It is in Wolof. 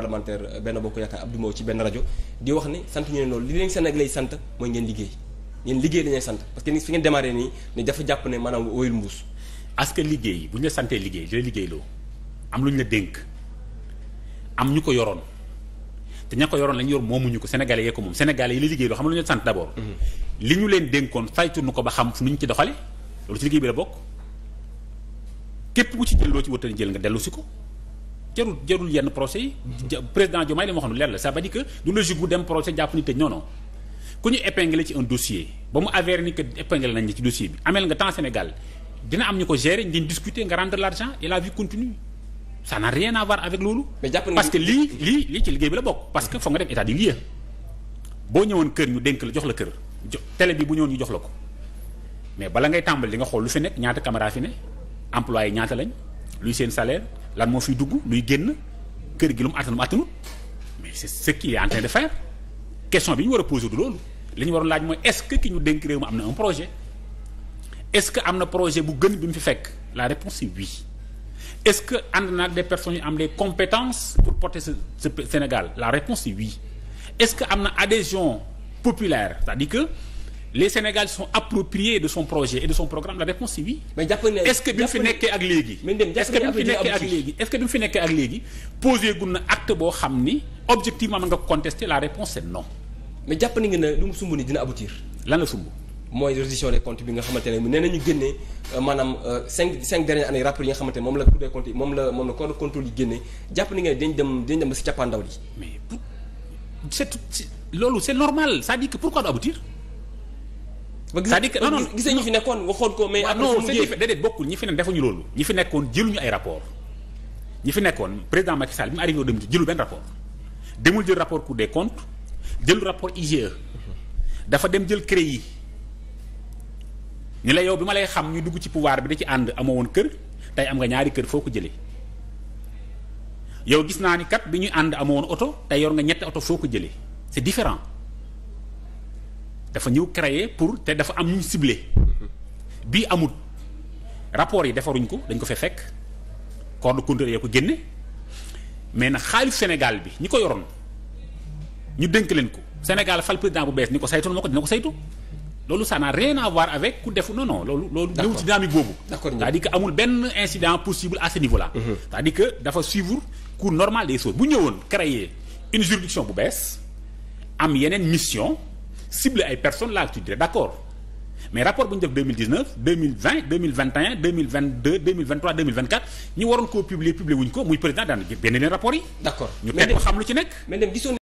parlementaire euh, benn bokk yaakaar Abdou Mbow ci benn rajo di wax ni sant ñu ne loolu li leen Sénégalais yi sant mooy ngeen liggéey ngeen liggéey dañuy sant parce que ni fi ngeen démarré nii ne dafa liggéey bu la santee liggéey di la liggéeyloo am lu ñu la dénk am ñu ko yoroon te ña ko yoroon la ñu yor moomuñu ko sénégalais yee ko moom sénégalais yi la liggéeyloo xam lu ñu sant d' abord. Mhm. li ñu leen dénkoon saytu nu ko ba xam fu ñu ci doxale loolu ci liggéey bi la bokk képp ku ci jël loo ci wëttali jël nga dellu si ko jarul jarul yenn procès yi. président Diomaye li ma xam ne leer la ça veut dire que du logique gu dem procès jàpp ni tëj non non ku ñu épinglé ci un dossier ba mu avéré ni que épinglé nañ ci dossier bi ameel nga temps Sénégal dina am ñu ko gérer di discuter nga rendre l' argent et la vie continue ça n'a rien à voir avec loolu. parce que lii lii lii ci liggéey bi la bokk. parce que foog nga def état des lieux boo ñëwoon kër ñu denk la jox la kër jo télé bi bu ñëwoon ñu jox la ko mais bala ngay tàmbali di nga xool lu fi nekk ñaata caméra fi ne ñaata lañ luy seen salaire. lan moo fiy dugg luy génn kër gi lu mu attan mu attanut mais c'est ce qu'il est en train de faire question bi ñu war a poser du loolu li ñu waroon laaj mooy est-ce que ki ñu dénk réew mi am na un projet est-ce que am na projet bu gën bi mu fi fekk la réponse est oui est-ce que ànd naag des personnes yu am pour porter Sénégal la réponse est ce que am na adhésion populaire c'est-à-dire que les Sénégalais sont appropriés de son projet et de son programme la réponse est oui. mais jàpp ne est bi mu fi nekkee ak léegi. mu fi nekkee ak nga contester la réponse est non. mais jàpp nañu ne lu mu sumb bi nga xamante ne nee nañu génne euh, maanaam euh, cinq cinq dernières années rapport yi nga xamante ne moom la Cour moom la moom la corps de contrôle yi génne jàpp nañu ne dañ dem dañ dem ba si cappaandaw li. mais pour c'est loolu c'est normal c'est-à-dire pourquoi du aboutir ba c'est-à-dire que non non gisee ñi fi nekkoon waxoon ko mais. après non déedéet bokkul ñi fi ne defuñu loolu. ñi fi nekkoon jëluñu ay rapport ñi fi nekkoon président Macky Sall bi mu arrivé au début jëlul benn rapport demul jël rapport Cour de comptes jël rapport IGE dafa dem jël CREI yi la yow bi ma lay xam ñu dugg ci pouvoir bi da ci ànd amoo kër tey am nga ñaari kër foo ko jëlee yow gis naa ni kat bi ñuy ànd amoo woon oto tey yor nga ñetti oto foo ko jëlee c'est différent dafa ñëw créer pour te dafa am ñu ciblé bii amut rapport yi defaruñ ko dañ ko fee fekk corps de contrôle yee ko génne mais na xaalis Sénégal bi ñi ko yoroon ñu dénk leen ko Sénégal fal président bu bees ni ko saytu moo ko dina ko saytu loolu ça naa rien à voir avec ku defu non non loolu loolu ñëw ci dynamique boobu c'est-à-dire que amul benn incident possible à ce niveau là mhm. cest dafa suivre cours normal des choses bu ñëwoon créer une juridiction bu bees am yeneen mission cibler ay personnes là tu dirais d'accord mais rapport bu ñu def 2019 2020 2021 2022 2023 2024 ñu waroon koo publier publier wuñ ko muy président daan génne leen rapport yi. d'accord ñu teg ko xam lu ci nekk.